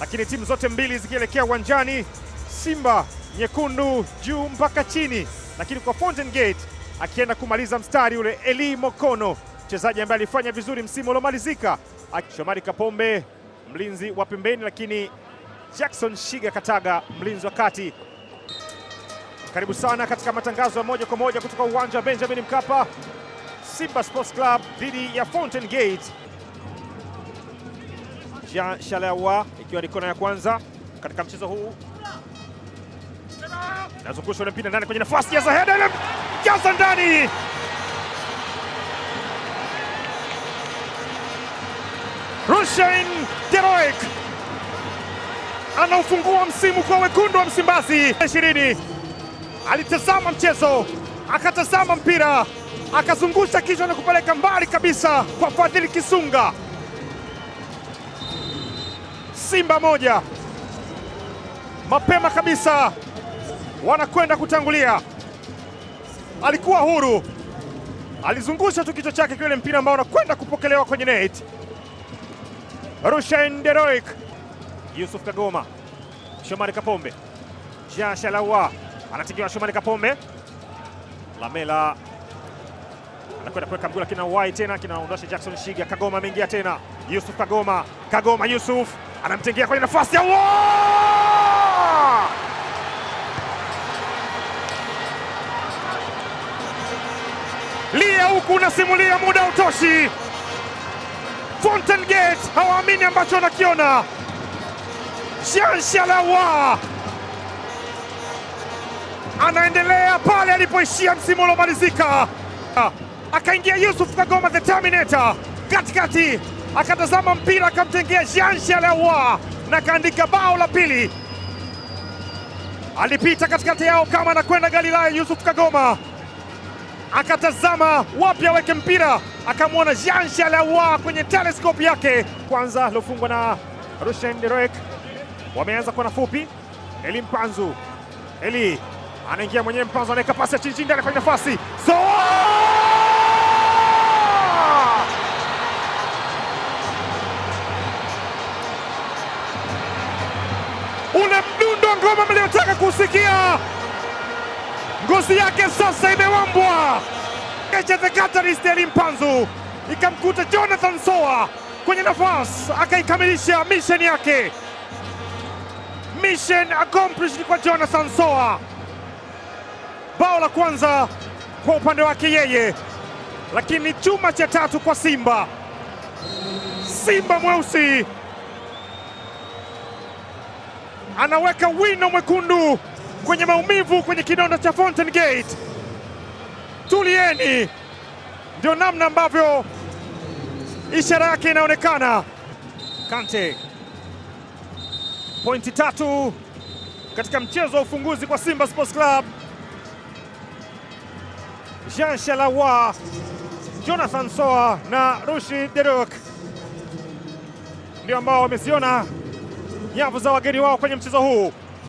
lakini timu zote mbili zikielekea uwanjani, Simba nyekundu juu mpaka chini, lakini kwa Fountain Gate akienda kumaliza mstari ule Eli Mokono, mchezaji ambaye alifanya vizuri msimu uliomalizika. Shomari Kapombe mlinzi wa pembeni, lakini Jackson Shiga Kataga mlinzi wa kati. Karibu sana katika matangazo ya moja kwa moja kutoka uwanja wa Benjamin Mkapa, Simba Sports Club dhidi ya Fountain Gate. Jean Shalawa, ikiwa ni kona ya kwanza katika mchezo huu. Nazungushwa ule mpira ndani kwenye nafasi ya Zaheda, ile jaza ndani Rushain Deroik anaufungua msimu kwa wekundu wa Msimbazi. ishirini alitazama mchezo akatazama mpira akazungusha kichwa na kupeleka mbali kabisa kwa Fadhili Kisunga. Simba moja. Mapema kabisa wanakwenda kutangulia. Alikuwa huru, alizungusha tu kichwa chake kiwele, mpira ambao unakwenda kupokelewa kwenye net. Rushen Deroik, Yusuf Kagoma, Shomari Kapombe, jean Shalawa anatikiwa Shomari Kapombe, Lamela anakwenda kuweka mguu lakini wai tena kinaondosha Jackson Shiga. Kagoma ameingia tena, Yusuf Kagoma, Kagoma Yusuf anamtengea kwenye nafasi ya lia huku unasimulia muda utoshi. Fountain Gate hawaamini ambacho wanakiona. Jean Shalawa anaendelea pale alipoishia msimu uliomalizika, akaingia Yusuf Kagoma the Terminator katikati akatazama mpira akamtengea Jean Shalewa na kaandika bao la pili. Alipita katikati yao kama anakwenda Galilaya. Yusuf Kagoma akatazama wapi aweke mpira, akamwona Jean Shalewa kwenye teleskopi yake. Kwanza lofungwa na Rushen Derek, wameanza kwa nafupi. Eli Mpanzu, Eli anaingia mwenyewe, Mpanzu anaweka pasi ya chini chini, ndani kwenye nafasi kusikia ngozi yake sasa imewambwa. The Catalyst Steli Mpanzu, ikamkuta Jonathan Soa kwenye nafasi, akaikamilisha misheni yake. Mission accomplished kwa Jonathan Soa, bao la kwanza kwa upande wake yeye, lakini chuma cha tatu kwa Simba. Simba mweusi anaweka wino mwekundu kwenye maumivu kwenye kidonda cha Fountain Gate. Tulieni, ndio namna ambavyo ishara yake inaonekana. Kante pointi tatu katika mchezo wa ufunguzi kwa Simba Sports Club. Jean Shalawa, Jonathan Soa na Rushi Deruk ndio ambao wameziona nyavu za wageni wao kwenye mchezo huu.